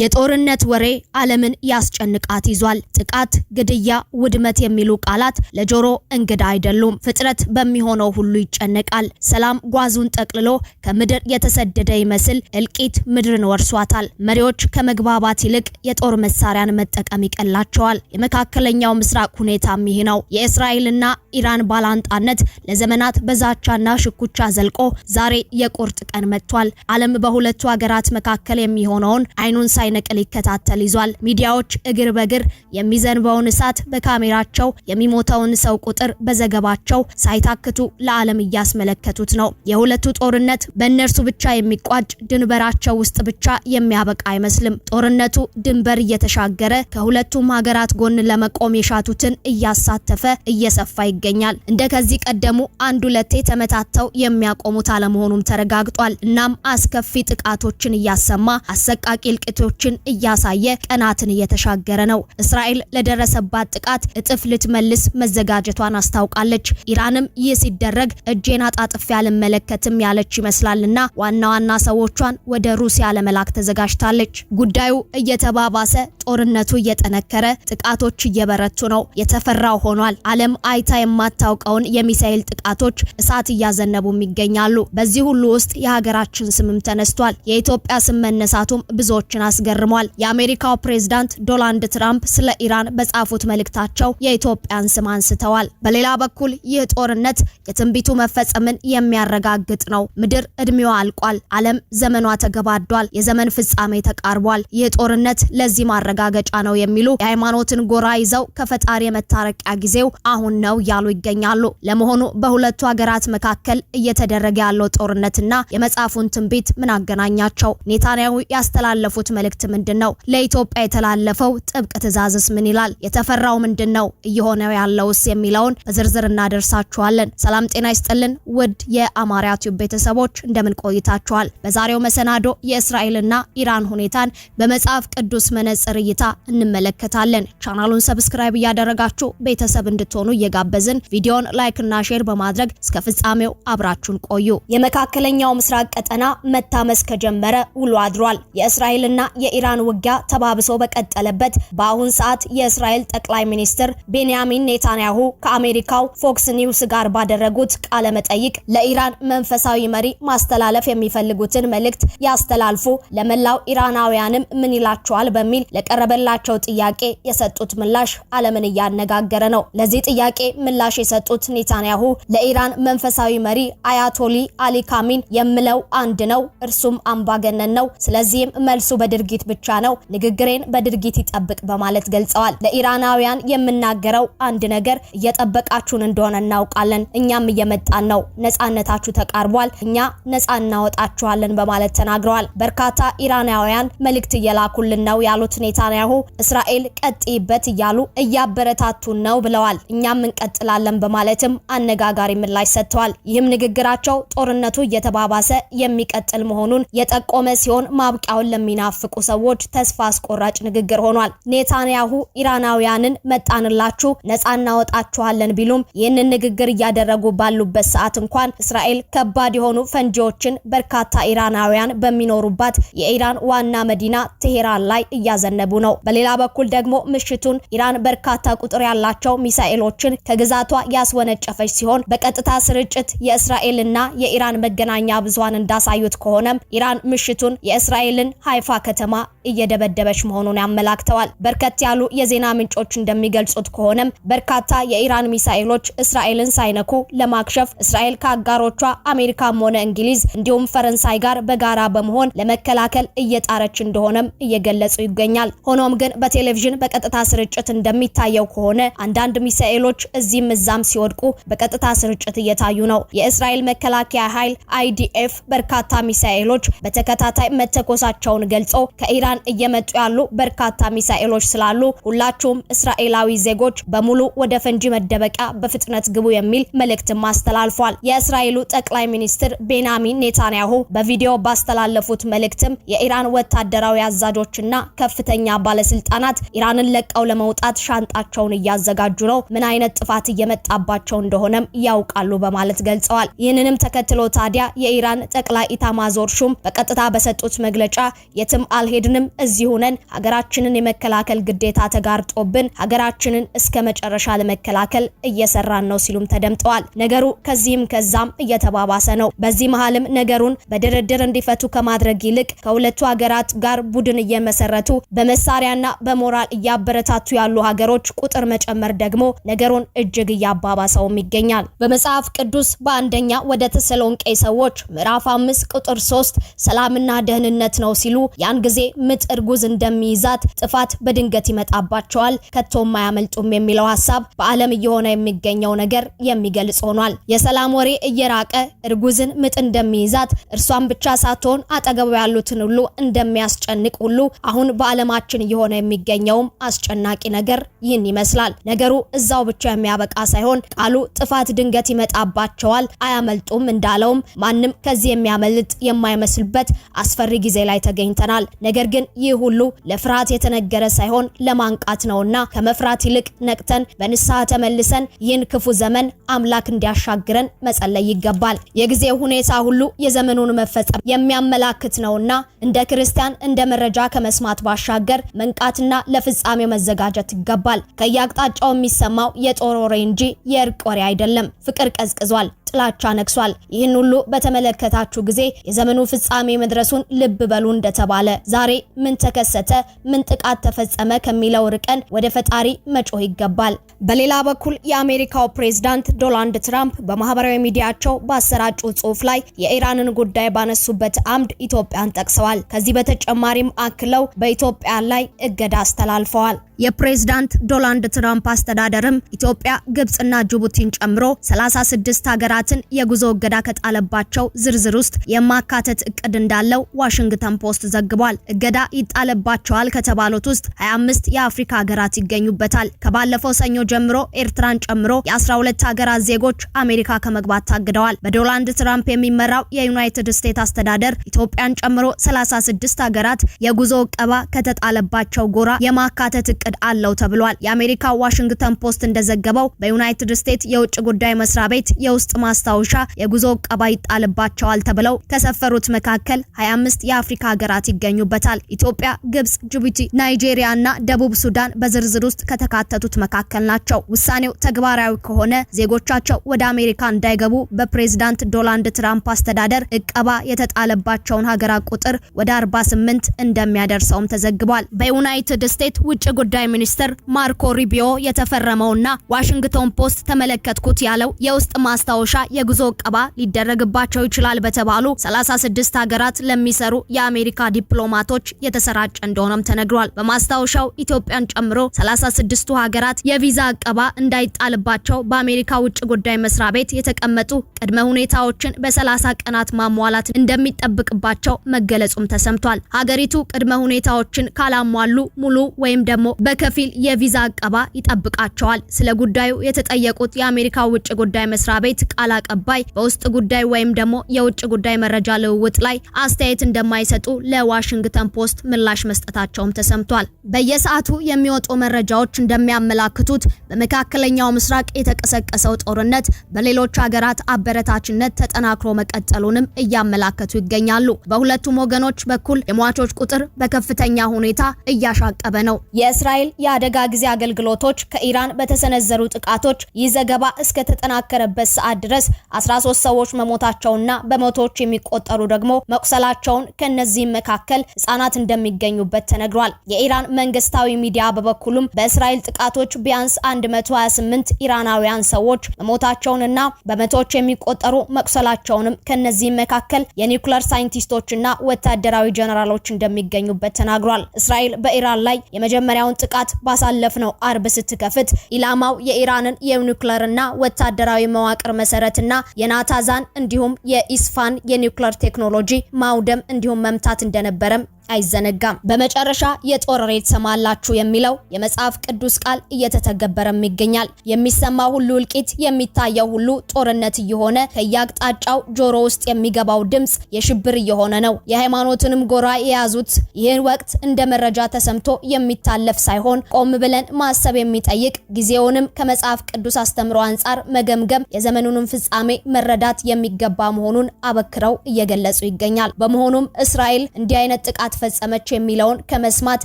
የጦርነት ወሬ ዓለምን ያስጨንቃት ይዟል። ጥቃት፣ ግድያ፣ ውድመት የሚሉ ቃላት ለጆሮ እንግዳ አይደሉም። ፍጥረት በሚሆነው ሁሉ ይጨነቃል። ሰላም ጓዙን ጠቅልሎ ከምድር የተሰደደ ይመስል እልቂት ምድርን ወርሷታል። መሪዎች ከመግባባት ይልቅ የጦር መሳሪያን መጠቀም ይቀላቸዋል። የመካከለኛው ምስራቅ ሁኔታም ይህ ነው። የእስራኤልና ኢራን ባላንጣነት ለዘመናት በዛቻና ሽኩቻ ዘልቆ ዛሬ የቁርጥ ቀን መጥቷል። ዓለም በሁለቱ ሀገራት መካከል የሚሆነውን አይኑን ሳይ ሳይነቅል ይከታተል ይዟል። ሚዲያዎች እግር በእግር የሚዘንበውን እሳት በካሜራቸው የሚሞተውን ሰው ቁጥር በዘገባቸው ሳይታክቱ ለዓለም እያስመለከቱት ነው። የሁለቱ ጦርነት በእነርሱ ብቻ የሚቋጭ ድንበራቸው ውስጥ ብቻ የሚያበቃ አይመስልም። ጦርነቱ ድንበር እየተሻገረ ከሁለቱም ሀገራት ጎን ለመቆም የሻቱትን እያሳተፈ እየሰፋ ይገኛል። እንደ ከዚህ ቀደሙ አንድ ሁለቴ ተመታተው የሚያቆሙት አለመሆኑም ተረጋግጧል። እናም አስከፊ ጥቃቶችን እያሰማ አሰቃቂ እልቂቶች ምልክቶችን እያሳየ ቀናትን እየተሻገረ ነው። እስራኤል ለደረሰባት ጥቃት እጥፍ ልትመልስ መዘጋጀቷን አስታውቃለች። ኢራንም ይህ ሲደረግ እጄን አጣጥፌ አልመለከትም ያለች ይመስላልና ዋና ዋና ሰዎቿን ወደ ሩሲያ ለመላክ ተዘጋጅታለች። ጉዳዩ እየተባባሰ ጦርነቱ እየጠነከረ ጥቃቶች እየበረቱ ነው። የተፈራው ሆኗል። ዓለም አይታ የማታውቀውን የሚሳኤል ጥቃቶች እሳት እያዘነቡም ይገኛሉ። በዚህ ሁሉ ውስጥ የሀገራችን ስምም ተነስቷል። የኢትዮጵያ ስም መነሳቱም ብዙዎችን አስገርሟል። የአሜሪካው ፕሬዝዳንት ዶናልድ ትራምፕ ስለ ኢራን በጻፉት መልእክታቸው የኢትዮጵያን ስም አንስተዋል። በሌላ በኩል ይህ ጦርነት የትንቢቱ መፈጸምን የሚያረጋግጥ ነው። ምድር እድሜዋ አልቋል፣ ዓለም ዘመኗ ተገባዷል፣ የዘመን ፍጻሜ ተቃርቧል። ይህ ጦርነት ለዚህ ማረጋገጫ ነው የሚሉ የሃይማኖትን ጎራ ይዘው ከፈጣሪ የመታረቂያ ጊዜው አሁን ነው ያሉ ይገኛሉ። ለመሆኑ በሁለቱ ሀገራት መካከል እየተደረገ ያለው ጦርነትና የመጽሐፉን ትንቢት ምን አገናኛቸው? ኔታንያሁ ያስተላለፉት መልእክት መልእክት ምንድን ነው? ለኢትዮጵያ የተላለፈው ጥብቅ ትዕዛዝስ ምን ይላል? የተፈራው ምንድን ነው? እየሆነው ያለውስ የሚለውን በዝርዝር እናደርሳችኋለን። ሰላም ጤና ይስጥልን ውድ የአማርያ ቲዩብ ቤተሰቦች እንደምን ቆይታችኋል? በዛሬው መሰናዶ የእስራኤልና ኢራን ሁኔታን በመጽሐፍ ቅዱስ መነጽር እይታ እንመለከታለን። ቻናሉን ሰብስክራይብ እያደረጋችሁ ቤተሰብ እንድትሆኑ እየጋበዝን ቪዲዮን ላይክ እና ሼር በማድረግ እስከ ፍጻሜው አብራችሁን ቆዩ። የመካከለኛው ምስራቅ ቀጠና መታመስ ከጀመረ ውሎ አድሯል። የእስራኤልና የኢራን ውጊያ ተባብሶ በቀጠለበት በአሁን ሰዓት የእስራኤል ጠቅላይ ሚኒስትር ቤንያሚን ኔታንያሁ ከአሜሪካው ፎክስ ኒውስ ጋር ባደረጉት ቃለ መጠይቅ ለኢራን መንፈሳዊ መሪ ማስተላለፍ የሚፈልጉትን መልእክት ያስተላልፉ፣ ለመላው ኢራናውያንም ምን ይላቸዋል በሚል ለቀረበላቸው ጥያቄ የሰጡት ምላሽ ዓለምን እያነጋገረ ነው። ለዚህ ጥያቄ ምላሽ የሰጡት ኔታንያሁ ለኢራን መንፈሳዊ መሪ አያቶሊ አሊ ካሚን የምለው አንድ ነው፣ እርሱም አምባገነን ነው። ስለዚህም መልሱ በድርግ ድርጊት ብቻ ነው። ንግግሬን በድርጊት ይጠብቅ በማለት ገልጸዋል። ለኢራናውያን የምናገረው አንድ ነገር እየጠበቃችሁን እንደሆነ እናውቃለን። እኛም እየመጣን ነው። ነጻነታችሁ ተቃርቧል። እኛ ነጻ እናወጣችኋለን በማለት ተናግረዋል። በርካታ ኢራናውያን መልእክት እየላኩልን ነው ያሉት ኔታንያሁ እስራኤል ቀጥይበት እያሉ እያበረታቱን ነው ብለዋል። እኛም እንቀጥላለን በማለትም አነጋጋሪ ምላሽ ሰጥተዋል። ይህም ንግግራቸው ጦርነቱ እየተባባሰ የሚቀጥል መሆኑን የጠቆመ ሲሆን ማብቂያውን ለሚናፍቁ ሰዎች ተስፋ አስቆራጭ ንግግር ሆኗል። ኔታንያሁ ኢራናውያንን መጣንላችሁ ነጻ እናወጣችኋለን ቢሉም ይህንን ንግግር እያደረጉ ባሉበት ሰዓት እንኳን እስራኤል ከባድ የሆኑ ፈንጂዎችን በርካታ ኢራናውያን በሚኖሩባት የኢራን ዋና መዲና ቴሄራን ላይ እያዘነቡ ነው። በሌላ በኩል ደግሞ ምሽቱን ኢራን በርካታ ቁጥር ያላቸው ሚሳኤሎችን ከግዛቷ ያስወነጨፈች ሲሆን በቀጥታ ስርጭት የእስራኤልና የኢራን መገናኛ ብዙሃን እንዳሳዩት ከሆነም ኢራን ምሽቱን የእስራኤልን ሃይፋ ከተማ ከተማ እየደበደበች መሆኑን ያመላክተዋል። በርከት ያሉ የዜና ምንጮች እንደሚገልጹት ከሆነም በርካታ የኢራን ሚሳኤሎች እስራኤልን ሳይነኩ ለማክሸፍ እስራኤል ከአጋሮቿ አሜሪካም ሆነ እንግሊዝ እንዲሁም ፈረንሳይ ጋር በጋራ በመሆን ለመከላከል እየጣረች እንደሆነም እየገለጹ ይገኛል። ሆኖም ግን በቴሌቪዥን በቀጥታ ስርጭት እንደሚታየው ከሆነ አንዳንድ ሚሳኤሎች እዚህም እዛም ሲወድቁ በቀጥታ ስርጭት እየታዩ ነው። የእስራኤል መከላከያ ኃይል አይዲኤፍ በርካታ ሚሳኤሎች በተከታታይ መተኮሳቸውን ገልጸው ከኢራን እየመጡ ያሉ በርካታ ሚሳኤሎች ስላሉ ሁላችሁም እስራኤላዊ ዜጎች በሙሉ ወደ ፈንጂ መደበቂያ በፍጥነት ግቡ የሚል መልእክትም አስተላልፏል። የእስራኤሉ ጠቅላይ ሚኒስትር ቤንያሚን ኔታንያሁ በቪዲዮ ባስተላለፉት መልእክትም የኢራን ወታደራዊ አዛዦችና ከፍተኛ ባለስልጣናት ኢራንን ለቀው ለመውጣት ሻንጣቸውን እያዘጋጁ ነው፣ ምን አይነት ጥፋት እየመጣባቸው እንደሆነም ያውቃሉ በማለት ገልጸዋል። ይህንንም ተከትሎ ታዲያ የኢራን ጠቅላይ ኢታማዞር ሹም በቀጥታ በሰጡት መግለጫ የትም አል አልሄድንም፣ እዚሁ ነን። ሀገራችንን የመከላከል ግዴታ ተጋርጦብን ሀገራችንን እስከ መጨረሻ ለመከላከል እየሰራን ነው ሲሉም ተደምጠዋል። ነገሩ ከዚህም ከዛም እየተባባሰ ነው። በዚህ መሀልም ነገሩን በድርድር እንዲፈቱ ከማድረግ ይልቅ ከሁለቱ ሀገራት ጋር ቡድን እየመሰረቱ በመሳሪያና በሞራል እያበረታቱ ያሉ ሀገሮች ቁጥር መጨመር ደግሞ ነገሩን እጅግ እያባባሰውም ይገኛል። በመጽሐፍ ቅዱስ በአንደኛ ወደ ተሰሎንቄ ሰዎች ምዕራፍ አምስት ቁጥር ሶስት ሰላምና ደህንነት ነው ሲሉ ያን ጊዜ ምጥ እርጉዝ እንደሚይዛት ጥፋት በድንገት ይመጣባቸዋል፣ ከቶም አያመልጡም የሚለው ሀሳብ በዓለም እየሆነ የሚገኘው ነገር የሚገልጽ ሆኗል። የሰላም ወሬ እየራቀ እርጉዝን ምጥ እንደሚይዛት እርሷን ብቻ ሳትሆን አጠገቡ ያሉትን ሁሉ እንደሚያስጨንቅ ሁሉ አሁን በዓለማችን እየሆነ የሚገኘውም አስጨናቂ ነገር ይህን ይመስላል። ነገሩ እዛው ብቻ የሚያበቃ ሳይሆን ቃሉ ጥፋት ድንገት ይመጣባቸዋል፣ አያመልጡም እንዳለውም ማንም ከዚህ የሚያመልጥ የማይመስልበት አስፈሪ ጊዜ ላይ ተገኝተናል። ነገር ግን ይህ ሁሉ ለፍርሃት የተነገረ ሳይሆን ለማንቃት ነውና ከመፍራት ይልቅ ነቅተን በንስሐ ተመልሰን ይህን ክፉ ዘመን አምላክ እንዲያሻግረን መጸለይ ይገባል። የጊዜ ሁኔታ ሁሉ የዘመኑን መፈጸም የሚያመላክት ነውና እንደ ክርስቲያን እንደ መረጃ ከመስማት ባሻገር መንቃትና ለፍጻሜ መዘጋጀት ይገባል። ከየአቅጣጫው የሚሰማው የጦር ወሬ እንጂ የእርቅ ወሬ አይደለም። ፍቅር ቀዝቅዟል። ጥላቻ ነግሷል። ይህን ሁሉ በተመለከታችሁ ጊዜ የዘመኑ ፍጻሜ መድረሱን ልብ በሉ እንደተባለ ዛሬ ምን ተከሰተ፣ ምን ጥቃት ተፈጸመ ከሚለው ርቀን ወደ ፈጣሪ መጮህ ይገባል። በሌላ በኩል የአሜሪካው ፕሬዝዳንት ዶናልድ ትራምፕ በማህበራዊ ሚዲያቸው ባሰራጩ ጽሁፍ ላይ የኢራንን ጉዳይ ባነሱበት አምድ ኢትዮጵያን ጠቅሰዋል። ከዚህ በተጨማሪም አክለው በኢትዮጵያ ላይ እገዳ አስተላልፈዋል። የፕሬዝዳንት ዶናልድ ትራምፕ አስተዳደርም ኢትዮጵያ፣ ግብጽና ጅቡቲን ጨምሮ 36 ሀገራት ሀገራትን የጉዞ እገዳ ከጣለባቸው ዝርዝር ውስጥ የማካተት እቅድ እንዳለው ዋሽንግተን ፖስት ዘግቧል። እገዳ ይጣለባቸዋል ከተባሉት ውስጥ 25 የአፍሪካ ሀገራት ይገኙበታል። ከባለፈው ሰኞ ጀምሮ ኤርትራን ጨምሮ የ12 ሀገራት ዜጎች አሜሪካ ከመግባት ታግደዋል። በዶናልድ ትራምፕ የሚመራው የዩናይትድ ስቴትስ አስተዳደር ኢትዮጵያን ጨምሮ 36 ሀገራት የጉዞ እቀባ ከተጣለባቸው ጎራ የማካተት እቅድ አለው ተብሏል። የአሜሪካ ዋሽንግተን ፖስት እንደዘገበው በዩናይትድ ስቴትስ የውጭ ጉዳይ መስሪያ ቤት የውስጥ ማስታወሻ የጉዞ እቀባ ይጣልባቸዋል ተብለው ከሰፈሩት መካከል 25 የአፍሪካ ሀገራት ይገኙበታል። ኢትዮጵያ፣ ግብጽ፣ ጅቡቲ፣ ናይጄሪያ እና ደቡብ ሱዳን በዝርዝር ውስጥ ከተካተቱት መካከል ናቸው። ውሳኔው ተግባራዊ ከሆነ ዜጎቻቸው ወደ አሜሪካ እንዳይገቡ በፕሬዝዳንት ዶናልድ ትራምፕ አስተዳደር እቀባ የተጣለባቸውን ሀገራት ቁጥር ወደ 48 እንደሚያደርሰውም ተዘግቧል። በዩናይትድ ስቴትስ ውጭ ጉዳይ ሚኒስትር ማርኮ ሪቢዮ የተፈረመውና ዋሽንግቶን ፖስት ተመለከትኩት ያለው የውስጥ ማስታወሻ የጉዞ እቀባ ሊደረግባቸው ይችላል በተባሉ 36 ሀገራት ለሚሰሩ የአሜሪካ ዲፕሎማቶች የተሰራጨ እንደሆነም ተነግሯል። በማስታወሻው ኢትዮጵያን ጨምሮ 36ቱ ሀገራት የቪዛ እቀባ እንዳይጣልባቸው በአሜሪካ ውጭ ጉዳይ መስሪያ ቤት የተቀመጡ ቅድመ ሁኔታዎችን በ30 ቀናት ማሟላት እንደሚጠብቅባቸው መገለጹም ተሰምቷል። ሀገሪቱ ቅድመ ሁኔታዎችን ካላሟሉ ሙሉ ወይም ደግሞ በከፊል የቪዛ እቀባ ይጠብቃቸዋል። ስለ ጉዳዩ የተጠየቁት የአሜሪካ ውጭ ጉዳይ መስሪያ ቤት ቃል ቃል አቀባይ በውስጥ ጉዳይ ወይም ደግሞ የውጭ ጉዳይ መረጃ ልውውጥ ላይ አስተያየት እንደማይሰጡ ለዋሽንግተን ፖስት ምላሽ መስጠታቸውም ተሰምቷል። በየሰዓቱ የሚወጡ መረጃዎች እንደሚያመላክቱት በመካከለኛው ምስራቅ የተቀሰቀሰው ጦርነት በሌሎች ሀገራት አበረታችነት ተጠናክሮ መቀጠሉንም እያመላከቱ ይገኛሉ። በሁለቱም ወገኖች በኩል የሟቾች ቁጥር በከፍተኛ ሁኔታ እያሻቀበ ነው። የእስራኤል የአደጋ ጊዜ አገልግሎቶች ከኢራን በተሰነዘሩ ጥቃቶች ይህ ዘገባ እስከተጠናከረበት ሰዓት ድረስ ድረስ 13 ሰዎች መሞታቸውና በመቶዎች የሚቆጠሩ ደግሞ መቁሰላቸውን ከነዚህም መካከል ህጻናት እንደሚገኙበት ተነግሯል። የኢራን መንግስታዊ ሚዲያ በበኩሉም በእስራኤል ጥቃቶች ቢያንስ 128 ኢራናውያን ሰዎች መሞታቸውንና በመቶዎች የሚቆጠሩ መቁሰላቸውንም ከነዚህም መካከል የኒውክለር ሳይንቲስቶችና ወታደራዊ ጀነራሎች እንደሚገኙበት ተናግሯል። እስራኤል በኢራን ላይ የመጀመሪያውን ጥቃት ባሳለፍነው አርብ ስትከፍት ኢላማው የኢራንን የኒውክለርና ወታደራዊ መዋቅር መሰረት ምህረትና የናታዛን እንዲሁም የኢስፋን የኒውክሌር ቴክኖሎጂ ማውደም እንዲሁም መምታት እንደነበረም አይዘነጋም። በመጨረሻ የጦር ሬት ሰማላችሁ የሚለው የመጽሐፍ ቅዱስ ቃል እየተተገበረም ይገኛል። የሚሰማ ሁሉ እልቂት፣ የሚታየው ሁሉ ጦርነት እየሆነ ከየአቅጣጫው ጆሮ ውስጥ የሚገባው ድምፅ የሽብር እየሆነ ነው። የሃይማኖትንም ጎራ የያዙት ይህን ወቅት እንደ መረጃ ተሰምቶ የሚታለፍ ሳይሆን ቆም ብለን ማሰብ የሚጠይቅ ጊዜውንም ከመጽሐፍ ቅዱስ አስተምሮ አንጻር መገምገም የዘመኑንም ፍጻሜ መረዳት የሚገባ መሆኑን አበክረው እየገለጹ ይገኛል። በመሆኑም እስራኤል እንዲህ አይነት ጥቃት ፈጸመች የሚለውን ከመስማት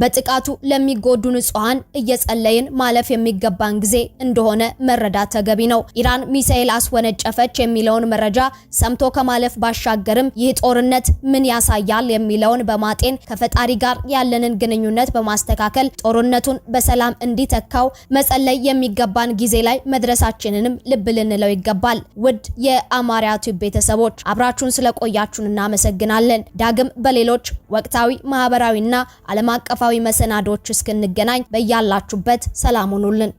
በጥቃቱ ለሚጎዱ ንጹሐን እየጸለይን ማለፍ የሚገባን ጊዜ እንደሆነ መረዳት ተገቢ ነው። ኢራን ሚሳኤል አስወነጨፈች የሚለውን መረጃ ሰምቶ ከማለፍ ባሻገርም ይህ ጦርነት ምን ያሳያል የሚለውን በማጤን ከፈጣሪ ጋር ያለንን ግንኙነት በማስተካከል ጦርነቱን በሰላም እንዲተካው መጸለይ የሚገባን ጊዜ ላይ መድረሳችንንም ልብ ልንለው ይገባል። ውድ የአማርያ ቲዩብ ቤተሰቦች አብራችሁን ስለቆያችሁን እናመሰግናለን። ዳግም በሌሎች ወቅታ ወቅታዊ፣ ማህበራዊና ዓለም አቀፋዊ መሰናዶዎች እስክንገናኝ በያላችሁበት ሰላም ሁኑልን።